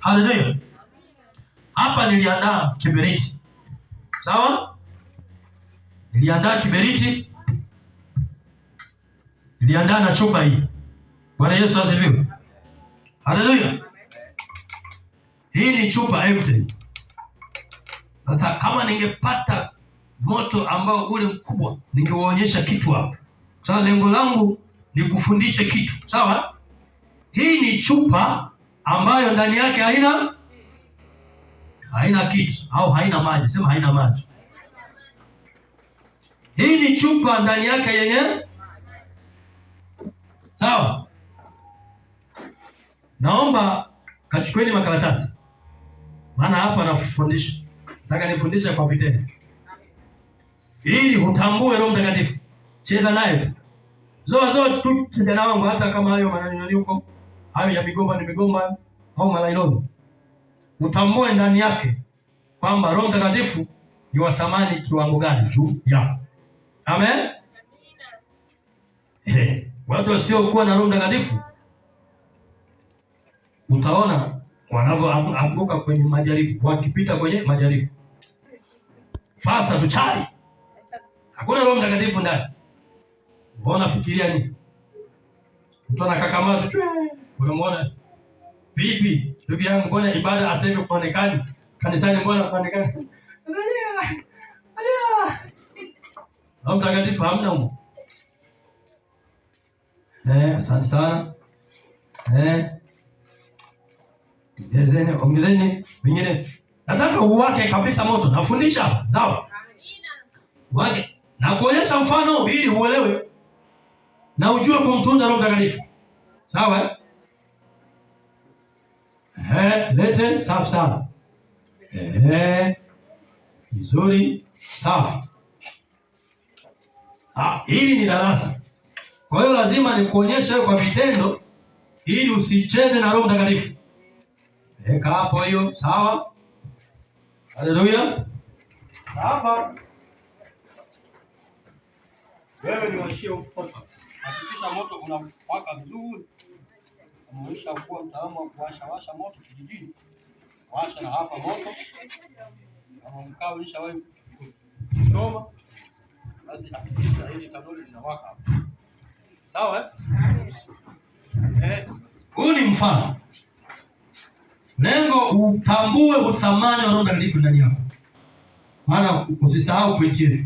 Haleluya. Hapa niliandaa kiberiti, sawa? Niliandaa kiberiti, niliandaa na chupa hii. Bwana Yesu asifiwe. Haleluya. Hii ni chupa empty. Sasa kama ningepata moto ambao ule mkubwa, ningewaonyesha kitu hapo. Sasa lengo langu ni kufundisha kitu, sawa? Hii ni chupa ambayo ndani yake haina haina kitu au haina maji. Sema haina maji. Hii ni chupa ndani yake yenye sawa. Naomba kachukueni makaratasi, maana hapa nafundisha, nataka nifundishe kwa vitendo ili utambue Roho Mtakatifu. Cheza naye tu, zoa zoa tu kijana wangu, hata kama hayo maneno huko hayo ya migomba ni migomba au malailoni, utambue ndani yake kwamba Roho Mtakatifu ni wa thamani kiwango gani juu yako. Amen. watu wasiokuwa na Roho Mtakatifu utaona wanavyoanguka kwenye majaribu, wakipita kwenye majaribu. Fasa tuchali, hakuna Roho Mtakatifu ndani. Mbona fikiria nini? Mtu anakakamata tu Unamwona vipi ndugu yangu? Mbona ibada aseme kuonekani kanisani, mbona kuonekani? Roho Mtakatifu hamna huko. Eh, asante sana. Eh. Ongezeni, ongezeni vingine, Nataka uwake kabisa moto. Nafundisha, sawa? uwake Na kuonyesha mfano ili uelewe na ujue kumtunza Roho Mtakatifu. Sawa? eh? Ehe, lete safi sana. Ehe. Vizuri, safi. Ah, hili ni darasa. Kwa hiyo lazima nikuonyeshe kwa vitendo ili usicheze na Roho Mtakatifu. Weka eh, hapo hiyo, sawa? Haleluya. Sawa. Wewe niwashie moto. Hakikisha moto unawaka vizuri kumwisha kuwa mtaalamu wa kuwasha washa moto kijijini, washa na hapa moto kama mkaa ulishawahi kuchoma, basi hakikisha hili tanuri linawaka sawa eh? eh? Huu ni mfano lengo, utambue uthamani wa Roho Mtakatifu ndani yako, maana usisahau pointi yetu,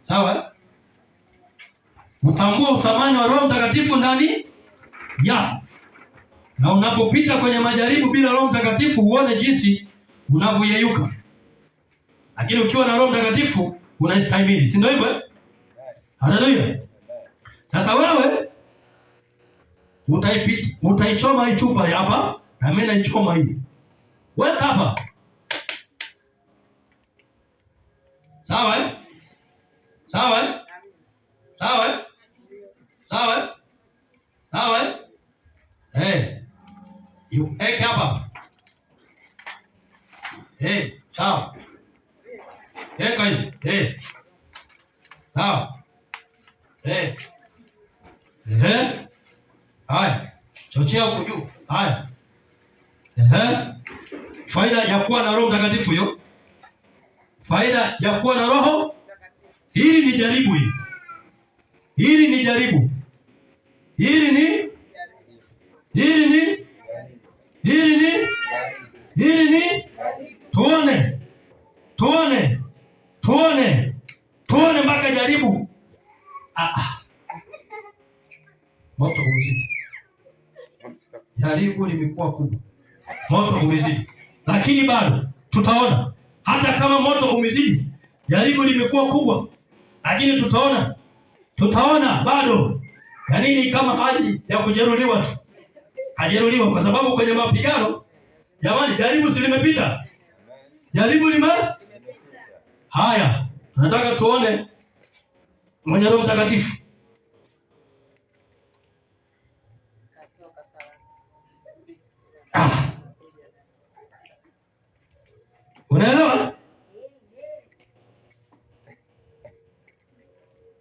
sawa? Eh? Utambue uthamani wa Roho Mtakatifu ndani yako na unapopita kwenye majaribu bila Roho Mtakatifu uone jinsi unavyoyeyuka, lakini ukiwa na Roho Mtakatifu unaistahimili, si ndio hivyo? Eh? Haleluya! Sasa wewe utaichoma hii chupa hapa na mimi naichoma hii, weka hapa sawa, eh? sawa eh? Eke hapa. Hey, sawa. Eka hivi. Hey. Sawa. Hey. Eh. Haya. Chochea huko juu. Haya. Eh. Faida ya kuwa na Roho Mtakatifu hiyo. Faida ya kuwa na Roho. Hili ni jaribu hili. Hili ni jaribu. Hili ni Hili ni Hili ni hili ni tuone, tuone, tuone, tuone mpaka jaribu. Ah, ah. moto umezidi, jaribu limekuwa kubwa, moto umezidi, lakini bado tutaona. Hata kama moto umezidi, jaribu limekuwa kubwa, lakini tutaona, tutaona bado. Ya nini kama hali ya kujeruhiwa tu hajeruhiwa, kwa sababu kwenye mapigano jamani, jaribu si limepita, jaribu lime haya. Tunataka tuone mwenye Roho Mtakatifu ah. Unaelewa?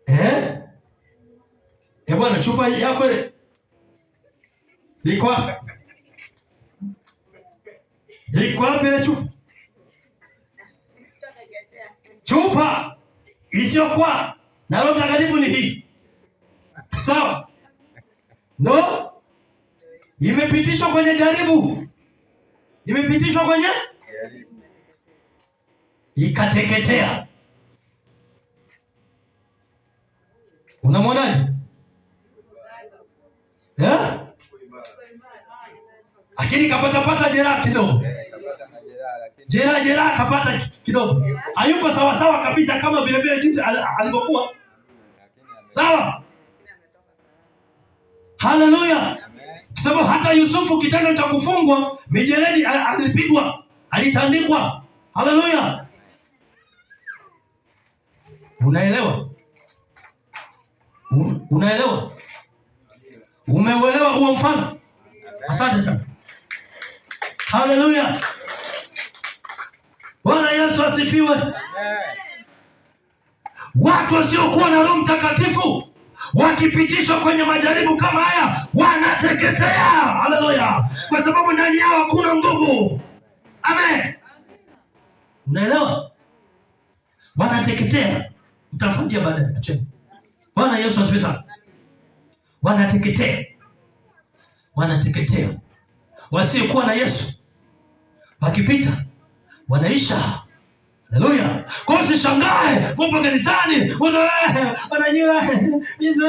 Eh? Eh bwana, chupa yako ile Iko wapi? Iko wapi ile chupa? Chupa isiyokuwa na Roho Mtakatifu ni hii. Sawa? No? Imepitishwa kwenye jaribu. Imepitishwa kwenye ikateketea. Unamwonaje? Eh? lakini pata jeraha kidogo, jeraha jeraha kapata kidogo, hayuko sawasawa kabisa kama vile vile jinsi alivyokuwa sawa. Haleluya! sababu hata Yusufu kitendo cha kufungwa mijeledi alipigwa, alitandikwa. Haleluya! Unaelewa? Unaelewa? Umeuelewa huo mfano? Asante sana. Haleluya! Bwana Yesu asifiwe. Watu wasiokuwa na Roho Mtakatifu wakipitishwa kwenye majaribu kama haya wanateketea. Haleluya, kwa sababu ndani yao hakuna nguvu. Amen, unaelewa? Wanateketea, mtafungia baadaye. Bwana Yesu asifiwe sana. Wanateketea, wanateketea wasiokuwa na Yesu wakipita wanaisha Haleluya. Kwa hiyo usishangae kumbe kanisani unajua Yesu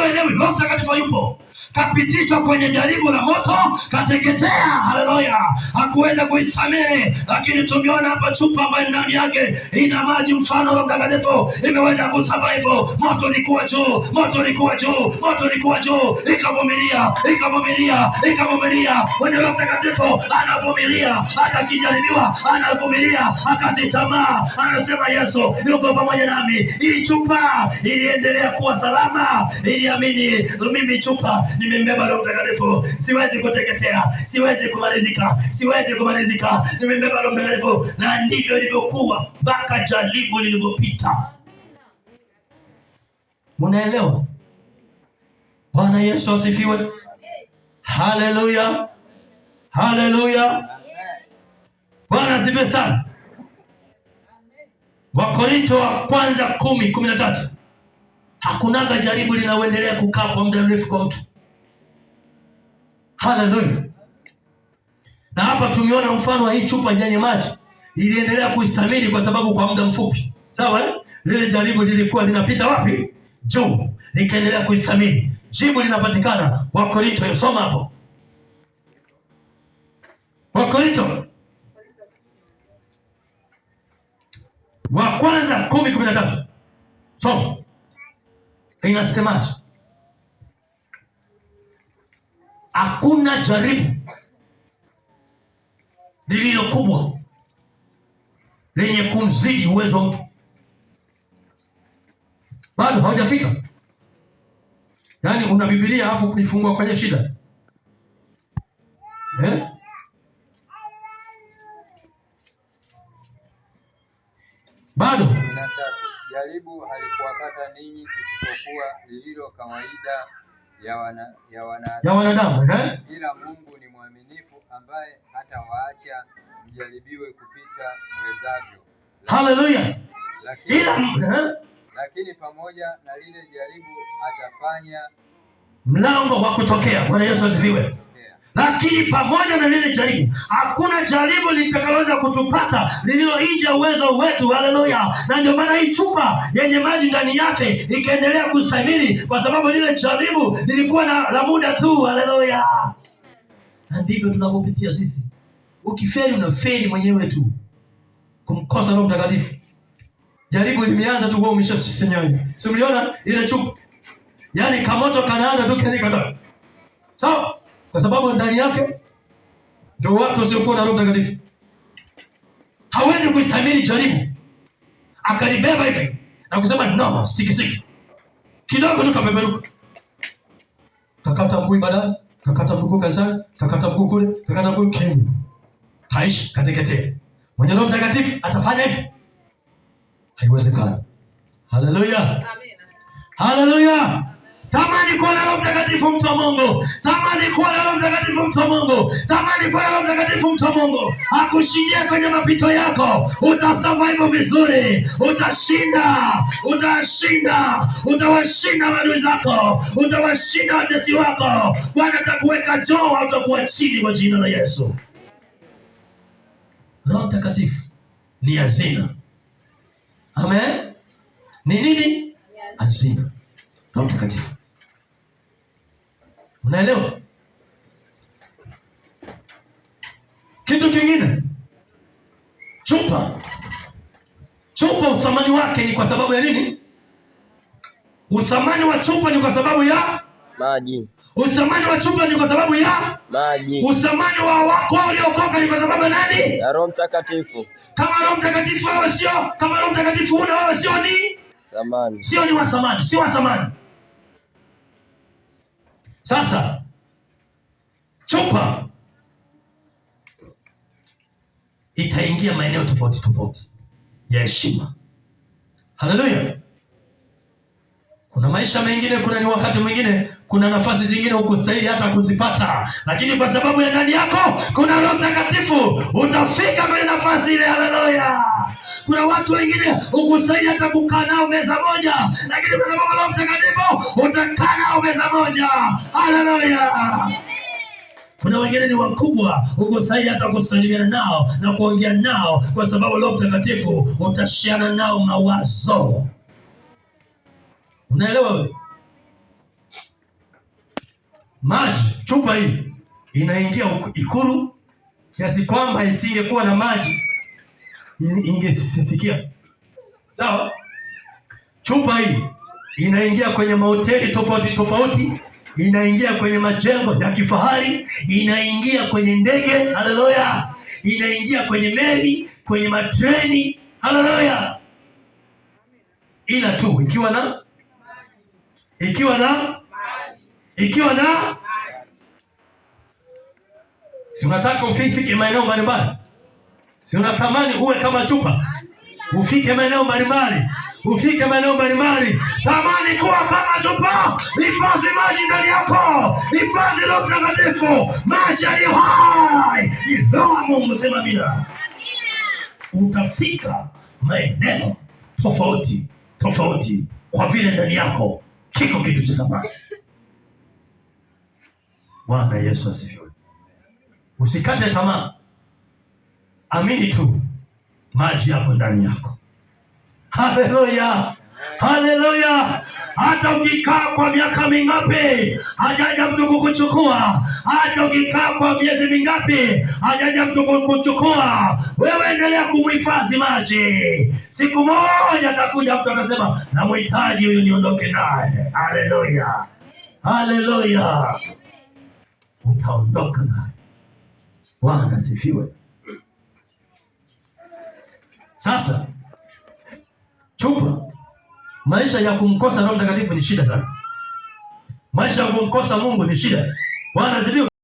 Roho Mtakatifu yupo kapitishwa kwenye jaribu la moto, kateketea. Haleluya, hakuweza kuisamiri, lakini tumeona hapa chupa ambayo ndani yake ina maji mfano wa mtakatifu imeweza kusurvive. Moto ulikuwa juu, moto ulikuwa juu, moto ulikuwa juu, ikavumilia, ikavumilia, ikavumilia. Wewe Roho Mtakatifu anavumilia, hata akijaribiwa anavumilia, akati tamaa, anasema Yesu yuko pamoja nami. Hii chupa iliendelea kuwa salama, iliamini mimi chupa nimembeba Roho Mtakatifu, siwezi kuteketea, siwezi kumalizika, siwezi kumalizika, nimembeba Roho Mtakatifu. Na ndivyo ilivyokuwa mpaka jaribu lilivyopita. Munaelewa? Bwana Yesu asifiwe, haleluya. Haleluya, Bwana asifiwe sana. Wakorinto wa kwanza kumi kumi na tatu hakunaga jaribu linaloendelea kukaa kwa muda mrefu kwa mtu. Haleluya. Na hapa tumeona mfano wa hii chupa yenye maji iliendelea kuistamili kwa sababu kwa muda mfupi, sawa eh? Lile jaribu lilikuwa linapita wapi? Juu, likaendelea kuistamili. Jibu linapatikana. Wakorinto, soma hapo. Wakorinto wa kwanza kumi kumi na tatu inasemaje? Hakuna jaribu lililo kubwa lenye kumzidi uwezo wa mtu, bado haujafika. Yaani una Biblia alafu kuifungua kwenye shida eh? bado. Jaribu halikuwapata ninyi isipokuwa lililo kawaida ya wana, ya wanadamu eh? Ila Mungu ni mwaminifu ambaye hata waacha mjaribiwe kupita mwezavyo. Haleluya. Lakini, ila, eh? Lakini pamoja na lile jaribu atafanya mlango wa kutokea. Bwana Yesu asifiwe. Lakini pamoja na lile jaribu, hakuna jaribu litakaloweza kutupata lililo nje ya uwezo wetu. Haleluya! Na ndio maana hii chupa yenye maji ndani yake ikaendelea kustahimili, kwa sababu lile jaribu lilikuwa na la muda tu. Haleluya! Na ndivyo tunavyopitia sisi. Ukifeli unafeli mwenyewe tu, kumkosa Roho Mtakatifu. Jaribu limeanza tu, wewe umeshasenyaye. Si mliona ile chupa, yaani kamoto kanaanza tu, kenyekata, sawa so, kwa sababu ndani yake ndio watu wasiokuwa na Roho Mtakatifu. Hawezi kuistahimili jaribu akalibeba hivi na kusema no, sikisiki kidogo tu kapeperuka, kakata mguu ibada, kakata mguu kaza, kakata mguu kule, kakata mguu kini, haishi kateketea. Mwenye Roho Mtakatifu atafanya hivi? Haiwezekani. Haleluya, amina, haleluya. Tamani kuwa na Roho Mtakatifu, mtu wa Mungu. Tamani kuwa na Roho Mtakatifu, mtu wa Mungu. Tamani kuwa na Roho Mtakatifu, mtu wa Mungu, akushindie kwenye mapito yako. Utafuta vaibu vizuri, utashinda, utashinda, utawashinda maadui zako, utawashinda watesi wako. Bwana atakuweka joo hautakuwa chini, kwa jina la Yesu. Roho Mtakatifu ni hazina. Amen. Ni nini? Hazina. Roho Mtakatifu Unaelewa? Kitu kingine, chupa chupa, uthamani wake ni kwa sababu ya nini? Uthamani wa chupa ni kwa sababu ya maji. Uthamani wa chupa ni kwa sababu ya maji. Uthamani wa wako uliokoka ni kwa sababu ya nani? Ya Roho Mtakatifu. Kama Roho Mtakatifu hawa sio, kama Roho Mtakatifu una hawa sio ni Thamani. Sio ni wa thamani, sio wa thamani. Sasa chupa itaingia maeneo tofauti tofauti ya heshima. Haleluya! Kuna maisha mengine, kuna ni wakati mwingine, kuna nafasi zingine hukustahili hata kuzipata, lakini kwa sababu ya ndani yako kuna Roho Mtakatifu utafika kwenye nafasi ile. Haleluya! Kuna watu wengine hukustahili hata kukaa nao meza moja, lakini kwa sababu Roho Mtakatifu utakaa nao meza moja. Haleluya! Kuna wengine ni wakubwa, sahihi hata kusalimiana nao na kuongea nao, kwa sababu Roho Mtakatifu utashiana nao mawazo. Unaelewa wewe? Maji chupa hii inaingia Ikulu kiasi kwamba isingekuwa na maji ingesisikia. Sawa? Chupa hii inaingia kwenye mahoteli tofauti tofauti, inaingia kwenye majengo ya kifahari, inaingia kwenye ndege, haleluya, inaingia kwenye meli, kwenye matreni, haleluya, ila tu ikiwa na ikiwa na ikiwa na si unataka ufike maeneo mbalimbali, si unatamani uwe kama chupa, ufike maeneo mbalimbali, ufike maeneo mbalimbali. Tamani kuwa kama chupa, hifadhi maji ndani yako, hifadhi Roho Mtakatifu, maji aliyo hai, iloa Mungu, sema mina, utafika maeneo tofauti tofauti, kwa vile ndani yako kiko kitu cha thamani. Bwana Yesu asifiwe. Usikate tamaa, amini tu, maji yapo ndani yako. Haleluya! Haleluya! Hata ukikaa kwa miaka mingapi hajaja mtu kukuchukua, hata ukikaa kwa miezi mingapi hajaja mtu kukuchukua, wewe endelea kumhifadhi maji. Siku moja atakuja mtu akasema, namhitaji huyu, niondoke naye. Haleluya, haleluya, utaondoka naye. Bwana asifiwe. Sasa chupa Maisha ya kumkosa Roho Mtakatifu ni shida sana. Maisha ya kumkosa Mungu ni shida. Bwana zidi